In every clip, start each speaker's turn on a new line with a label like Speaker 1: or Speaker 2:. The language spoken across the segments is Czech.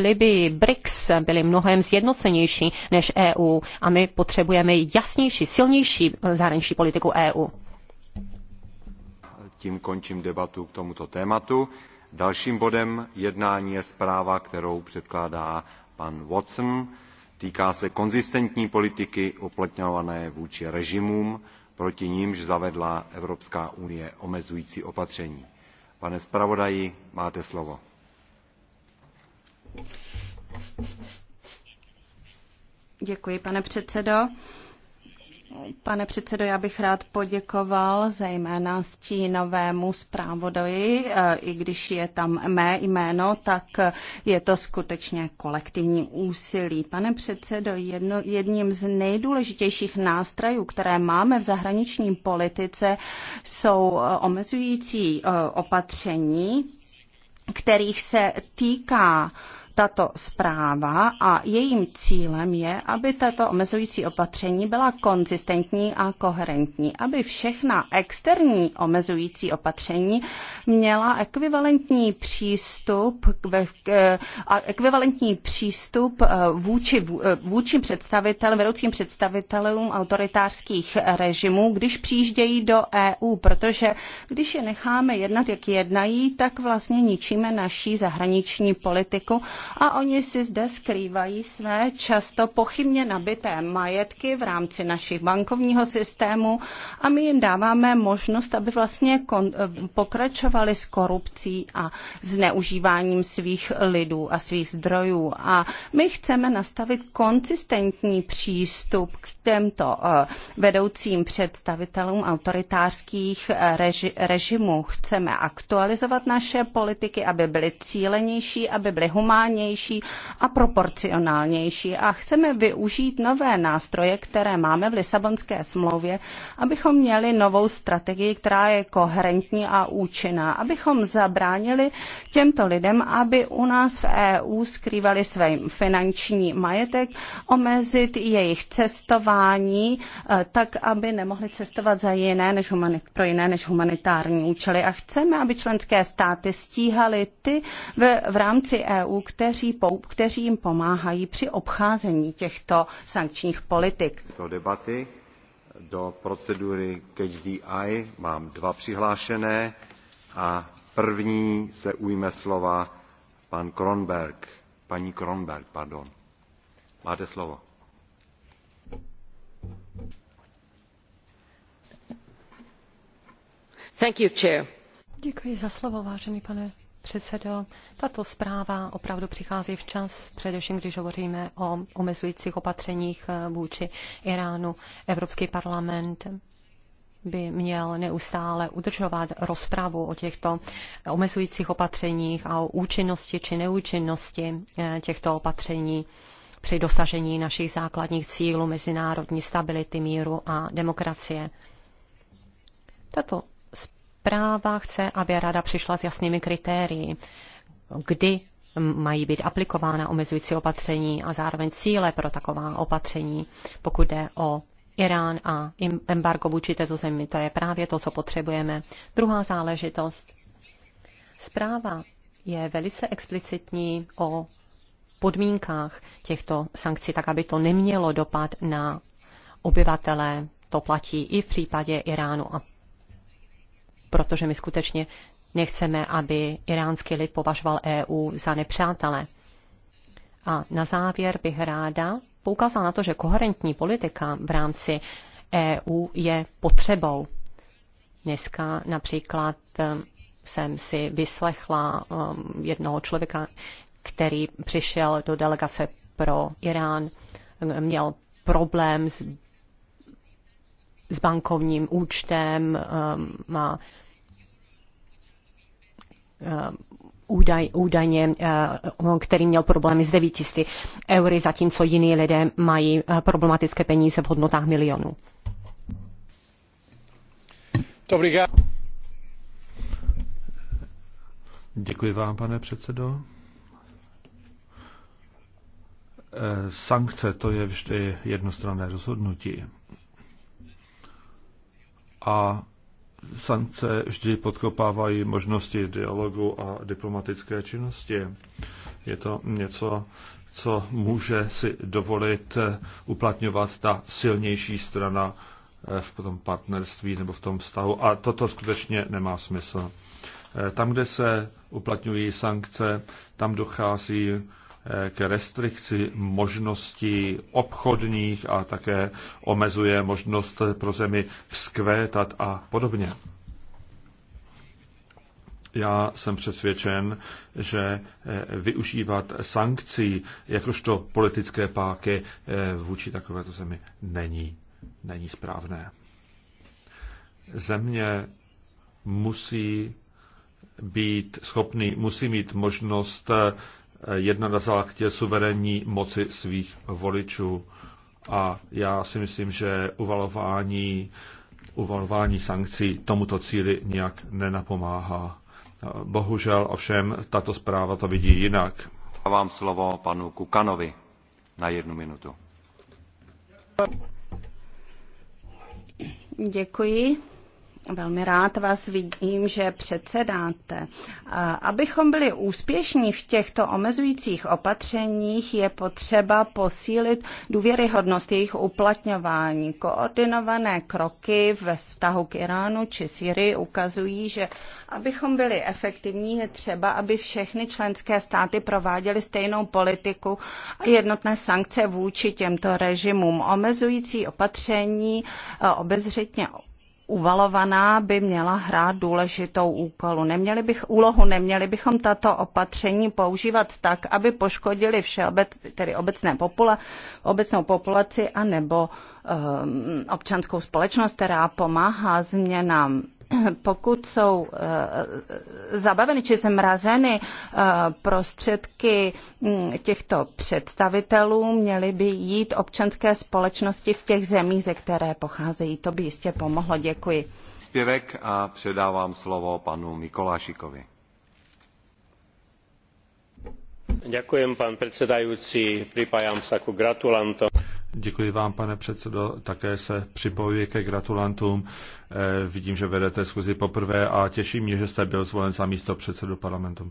Speaker 1: Libii, BRICS byly mnohem zjednocenější než EU a my potřebujeme jasnější, silnější zahraniční politiku EU.
Speaker 2: Tím končím debatu k tomuto tématu. Dalším bodem jednání je zpráva, kterou předkládá pan Watson. Týká se konzistentní politiky uplatňované vůči režimům, proti nímž zavedla Evropská unie omezující opatření. Pane zpravodaji, máte slovo.
Speaker 3: Děkuji, pane předsedo. Pane předsedo, já bych rád poděkoval zejména stínovému zpravodoji, e, i když je tam mé jméno, tak je to skutečně kolektivní úsilí. Pane předsedo, jedno, jedním z nejdůležitějších nástrojů, které máme v zahraniční politice, jsou e, omezující e, opatření, kterých se týká uh, tato zpráva a jejím cílem je, aby tato omezující opatření byla konzistentní a koherentní, aby všechna externí omezující opatření měla ekvivalentní přístup, eh, ekvivalentní přístup eh, vůči, eh, vůči představitelům, vedoucím představitelům autoritářských režimů, když přijíždějí do EU, protože když je necháme jednat, jak jednají, tak vlastně ničíme naší zahraniční politiku a oni si zde skrývají své často pochybně nabité majetky v rámci našich bankovního systému a my jim dáváme možnost, aby vlastně pokračovali s korupcí a zneužíváním svých lidů a svých zdrojů. A my chceme nastavit konsistentní přístup k těmto eh, vedoucím představitelům autoritářských eh, reži- režimů. Chceme aktualizovat naše politiky, aby byly cílenější, aby byly humánnější vyrovnanější a proporcionálnější. A chceme využít nové nástroje, které máme v Lisabonské smlouvě, abychom měli novou strategii, která je koherentní a účinná, abychom zabránili těmto lidem, aby u nás v EU skrývali své finanční majetek, omezit jejich cestování eh, tak, aby nemohli cestovat za jiné než humanit, pro jiné než humanitární účely. A chceme, aby členské státy stíhaly ty v, v rámci EU, kteří, kteří jim pomáhají při obcházení těchto sankčních politik. Do debaty,
Speaker 2: do procedury Catch the Eye mám dva přihlášené a první se ujme slova pan Kronberg, paní Kronberg, pardon. Máte slovo.
Speaker 1: Thank you, chair. Děkuji za slovo, vážený pane předsedo. Tato zpráva opravdu přichází včas, především když hovoříme o omezujících opatřeních eh, vůči Iránu. Evropský parlament by měl neustále udržovat rozpravu o těchto omezujících opatřeních a o účinnosti či neúčinnosti eh, těchto opatření při dosažení našich základních cílů mezinárodní stability, míru a demokracie. Tato práva, chce, aby rada přišla s jasnými kritérii, kdy mají být aplikována omezující opatření a zároveň cíle pro taková opatření, pokud jde o Irán a embargo vůči této zemi. To je právě to, co potřebujeme. Druhá záležitost. Zpráva je velice explicitní o podmínkách těchto sankcí, tak aby to nemělo dopad na obyvatele. To platí i v případě Iránu a protože my skutečně nechceme, aby iránský lid považoval EU za nepřátele. A na závěr bych ráda poukázala na to, že koherentní politika v rámci EU je potřebou. Dneska například ehm, jsem si vyslechla ehm, jednoho člověka, který přišel do delegace pro Irán, ehm, měl problém s s bankovním účtem, um, má um, údaj, údajně, uh, který měl problémy s 900 eury, zatímco jiní lidé mají uh, problematické peníze v hodnotách milionů.
Speaker 4: Děkuji vám, pane předsedo. Eh, sankce to je vždy jednostranné rozhodnutí a sankce vždy podkopávají možnosti dialogu a diplomatické činnosti. Je to něco, co může si dovolit eh, uplatňovat ta silnější strana eh, v tom partnerství nebo v tom vztahu. A toto skutečně nemá smysl. Eh, tam, kde se uplatňují sankce, tam dochází Eh, k restrikci možností obchodních a také omezuje možnost pro zemi vzkvétat a podobně. Já jsem přesvědčen, že eh, využívat sankcí jakožto politické páky eh, vůči takovéto zemi není, není správné. Země musí být schopný, musí mít možnost jedna na základě suverénní moci svých voličů. A já si myslím, že uvalování, uvalování sankcí tomuto cíli nějak nenapomáhá. Bohužel ovšem tato zpráva to vidí jinak. Dávám slovo
Speaker 2: panu Kukanovi na jednu minutu.
Speaker 3: Děkuji. Velmi rád vás vidím, že předsedáte. Abychom byli úspěšní v těchto omezujících opatřeních, je potřeba posílit důvěryhodnost jejich uplatňování. Koordinované kroky ve vztahu k Iránu či Syrii ukazují, že abychom byli efektivní, je třeba, aby všechny členské státy prováděly stejnou politiku a jednotné sankce vůči těmto režimům. Omezující opatření e, obezřetně uvalovaná by měla hrát důležitou úkolu. Neměli bych úlohu, neměli bychom tato opatření používat tak, aby poškodili všeobec, tedy obecné popula, obecnou populaci a nebo um, občanskou společnost, která pomáhá změnám pokud jsou eh, zabaveny či zmrazeny eh, prostředky mm, těchto představitelů, měly by jít občanské společnosti v těch zemích, ze které pocházejí. To by jistě pomohlo. Děkuji.
Speaker 2: Zpěvek a předávám slovo panu Mikolášikovi. Děkuji pan
Speaker 4: předsedající. Připájám se ku gratulantom. Děkuji vám, pane předsedo. Také se připojuji ke gratulantům. Eh, vidím, že vedete schůzi poprvé a těší mě, že jste byl zvolen za místo předsedu parlamentu.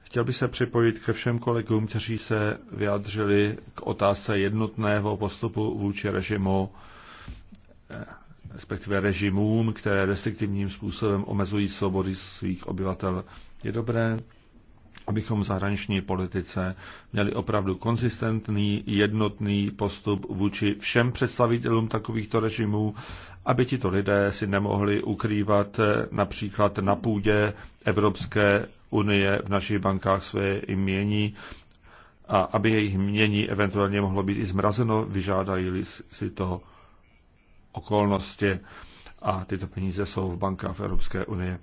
Speaker 4: Chtěl bych se připojit ke všem kolegům, kteří se vyjádřili k otázce jednotného postupu vůči režimu, eh, respektive režimům, které restriktivním způsobem omezují svobody svých obyvatel. Je dobré, abychom v zahraniční politice měli opravdu konzistentní, jednotný postup vůči všem představitelům takovýchto režimů, aby tito lidé si nemohli ukrývat eh, například na půdě Evropské unie v našich bankách své jmění a aby jejich mění eventuálně mohlo být i zmrazeno, vyžádají si to okolnosti a tyto peníze jsou v bankách Evropské unie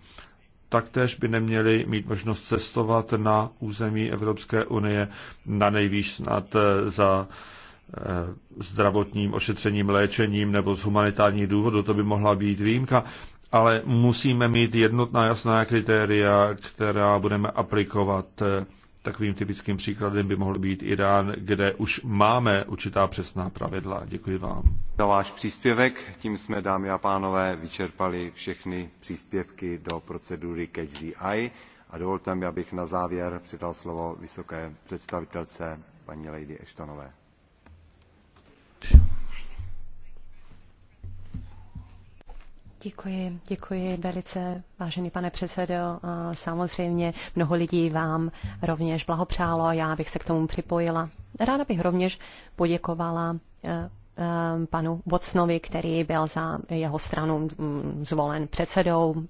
Speaker 4: taktéž by neměli mít možnost cestovat na území Evropské unie na nejvýš snad eh, za eh, zdravotním ošetřením, léčením nebo z humanitárních důvodů, to by mohla být výjimka, ale musíme mít jednotná jasná kritéria, která budeme aplikovat eh, Takovým typickým příkladem by mohl být Irán, kde už máme určitá přesná pravidla. Děkuji vám. Za váš
Speaker 2: příspěvek, tím jsme, dámy a pánové, vyčerpali všechny příspěvky do procedury Catch the Eye a dovolte mi, abych na závěr přidal slovo vysoké představitelce paní Lady Eštonové.
Speaker 1: Děkuji, děkuji velice, vážený pane předsedo. Samozřejmě mnoho lidí vám rovněž blahopřálo, já bych se k tomu připojila. Ráda bych rovněž poděkovala e, e, panu Bocnovi, který byl za jeho stranu zvolen předsedou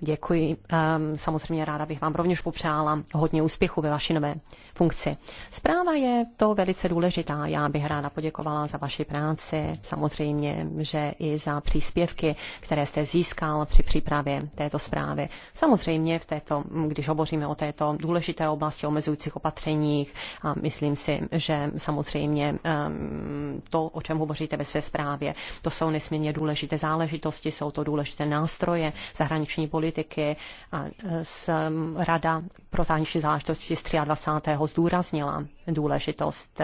Speaker 1: Děkuji. Ehm, samozřejmě ráda bych vám rovněž popřála hodně úspěchu ve vaší nové funkci. Zpráva je to velice důležitá. Já bych ráda poděkovala za vaši práci, samozřejmě, že i za příspěvky, které jste získal při přípravě této zprávy. Samozřejmě, v této, když hovoříme o této důležité oblasti omezujících opatřeních, a myslím si, že samozřejmě ehm, to, o čem hovoříte ve své zprávě, to jsou nesmírně důležité záležitosti, jsou to důležité nástroje zahraniční politiky politiky a e, s Rada pro zahraniční záležitosti z 23. zdůraznila důležitost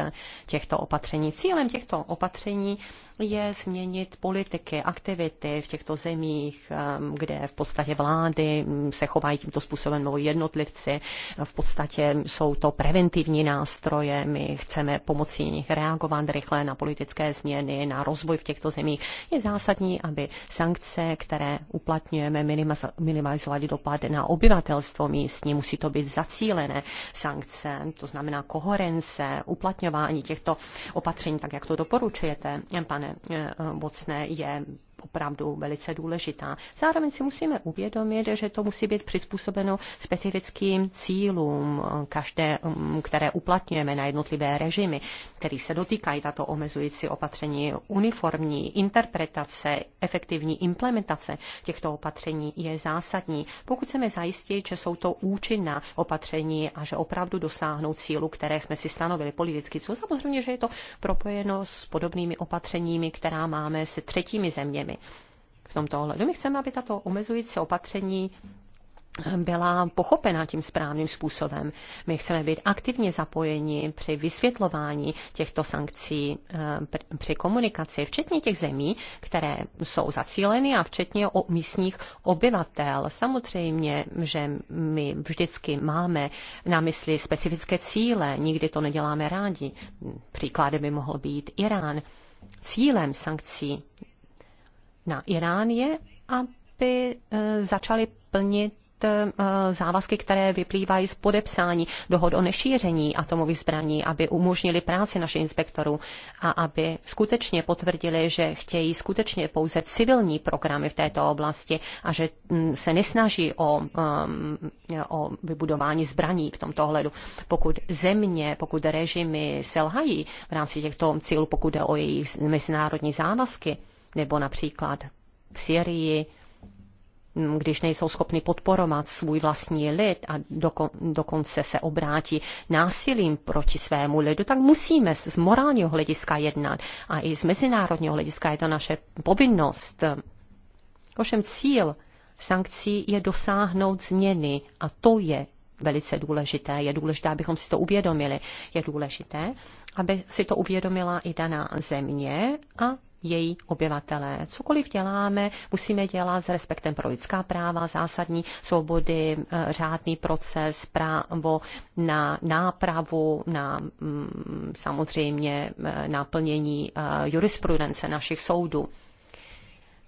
Speaker 1: těchto opatření. Cílem těchto opatření je změnit politiky, aktivity v těchto zemích, e, kde v podstatě vlády se chovají tímto způsobem nebo jednotlivci. V podstatě jsou to preventivní nástroje. My chceme pomocí nich reagovat rychle na politické změny, na rozvoj v těchto zemích. Je zásadní, aby sankce, které uplatňujeme, minimalizovaly minimalizovat dopad na obyvatelstvo místní, musí to být zacílené sankce, to znamená koherence, uplatňování těchto opatření, tak jak to doporučujete, pane Bocné, eh, eh, je opravdu velice důležitá. Zároveň si musíme uvědomit, že to musí být přizpůsobeno specifickým cílům, každé, mm, které uplatňujeme na jednotlivé režimy, který se dotýkají tato omezující opatření. Uniformní interpretace, efektivní implementace těchto opatření je zásadní. Pokud chceme zajistit, že jsou to účinná opatření a že opravdu dosáhnou cílu, které jsme si stanovili politicky, co samozřejmě, že je to propojeno s podobnými opatřeními, která máme se třetími zeměmi, zprávy v tomto ohledu. My chceme, aby tato omezující opatření byla pochopena tím správným způsobem. My chceme být aktivně zapojeni při vysvětlování těchto sankcí, eh, při komunikaci, včetně těch zemí, které jsou zacíleny a včetně o místních obyvatel. Samozřejmě, že my vždycky máme na mysli specifické cíle, nikdy to neděláme rádi. Příkladem by mohl být Irán. Cílem sankcí na Irán je, aby e, začali plnit e, závazky, které vyplývají z podepsání dohod o nešíření atomových zbraní, aby umožnili práci našich inspektorů a aby skutečně potvrdili, že chtějí skutečně pouze civilní programy v této oblasti a že se nesnaží o, o vybudování zbraní v tomto ohledu. Pokud země, pokud režimy selhají v rámci těchto cílů, pokud jde o jejich mezinárodní závazky, nebo například v Syrii, když nejsou schopni podporovat svůj vlastní lid a dokonce se obrátí násilím proti svému lidu, tak musíme z morálního hlediska jednat a i z mezinárodního hlediska je to naše povinnost. Ovšem cíl sankcí je dosáhnout změny a to je velice důležité. Je důležité, abychom si to uvědomili. Je důležité, aby si to uvědomila i daná země a její obyvatelé. Cokoliv děláme, musíme dělat s respektem pro lidská práva, zásadní svobody, eh, řádný proces, právo na nápravu, na mm, samozřejmě eh, naplnění eh, jurisprudence našich soudů.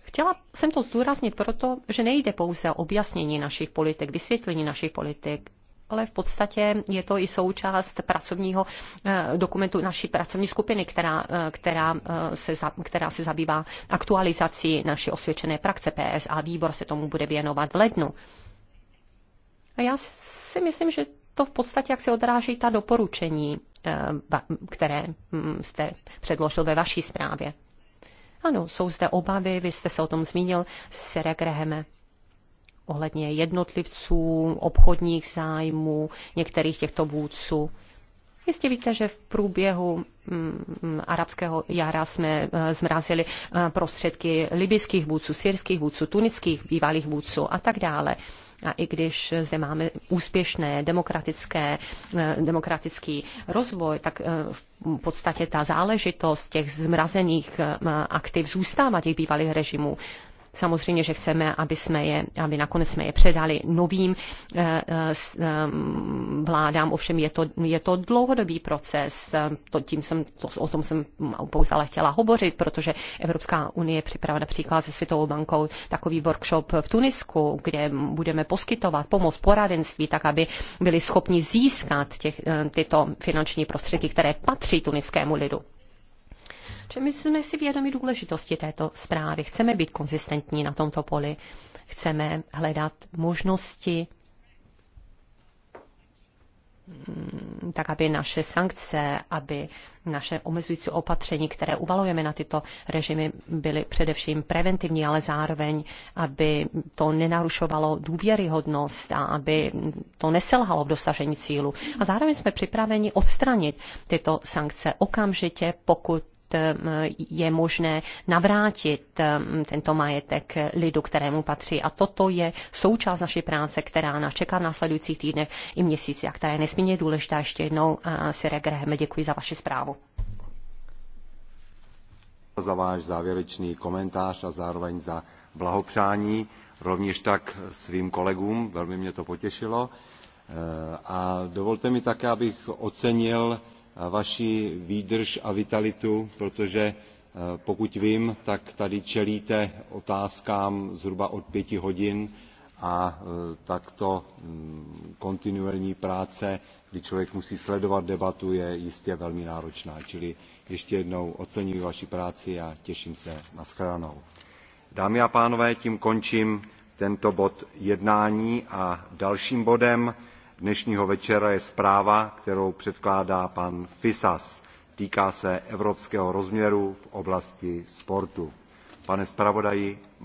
Speaker 1: Chtěla jsem to zdůraznit proto, že nejde pouze o objasnění našich politik, vysvětlení našich politik ale v podstatě je to i součást pracovního eh, dokumentu naší pracovní skupiny, která, eh, která, eh, se, která se zabývá aktualizací naší osvědčené praxe PS a výbor se tomu bude věnovat v lednu. A já si myslím, že to v podstatě jak se odráží ta doporučení, které hm, jste předložil ve vaší zprávě. Ano, jsou zde obavy, vy jste se o tom zmínil, Sere Greheme ohledně jednotlivců, obchodních zájmů některých těchto vůdců. Jistě víte, že v průběhu mm, arabského jara jsme eh, zmrazili eh, prostředky libyských vůdců, syrských vůdců, tunických bývalých vůdců a tak dále. A i když zde máme úspěšné demokratické, eh, demokratický rozvoj, tak v podstatě ta záležitost těch zmrazených aktiv zůstává těch bývalých režimů. Samozřejmě, že chceme, aby, jsme je, aby nakonec jsme je předali novým eh, eh, eh, vládám, ovšem je to, je to dlouhodobý proces. To, tím jsem, to, o tom jsem pouze ale chtěla hovořit, protože Evropská unie připravila například se Světovou bankou takový workshop v Tunisku, kde budeme poskytovat pomoc poradenství, tak aby byli schopni získat těch, tyto finanční prostředky, které patří tuniskému lidu. Že my jsme si vědomi důležitosti této zprávy. Chceme být konzistentní na tomto poli. Chceme hledat možnosti, mm, tak aby naše sankce, aby naše omezující opatření, které uvalujeme na tyto režimy, byly především preventivní, ale zároveň, aby to nenarušovalo důvěryhodnost a aby to neselhalo v dosažení cílu. A zároveň jsme připraveni odstranit tyto sankce okamžitě, pokud Eh, je možné navrátit eh, tento majetek lidu, kterému patří. A toto je součást naší práce, která nás čeká v následujících týdnech i měsíci a která je nesmírně důležitá. Ještě jednou, eh, Sire Grahame, děkuji za vaši zprávu
Speaker 2: za váš závěrečný komentář a zároveň za blahopřání, rovněž tak svým kolegům, velmi mě to potěšilo. A dovolte mi také, abych ocenil vaši výdrž a vitalitu, protože eh, pokud vím, tak tady čelíte otázkám zhruba od pěti hodin a eh, takto mm, kontinuální práce, kdy člověk musí sledovat debatu, je jistě velmi náročná. Čili ještě jednou oceňuji vaši práci a těším se na shledanou. Dámy a pánové, tím končím tento bod jednání a dalším bodem dnešního večera je zpráva, kterou předkládá pan Fisas. Týká se evropského rozměru v oblasti sportu. Pane zpravodaji, máte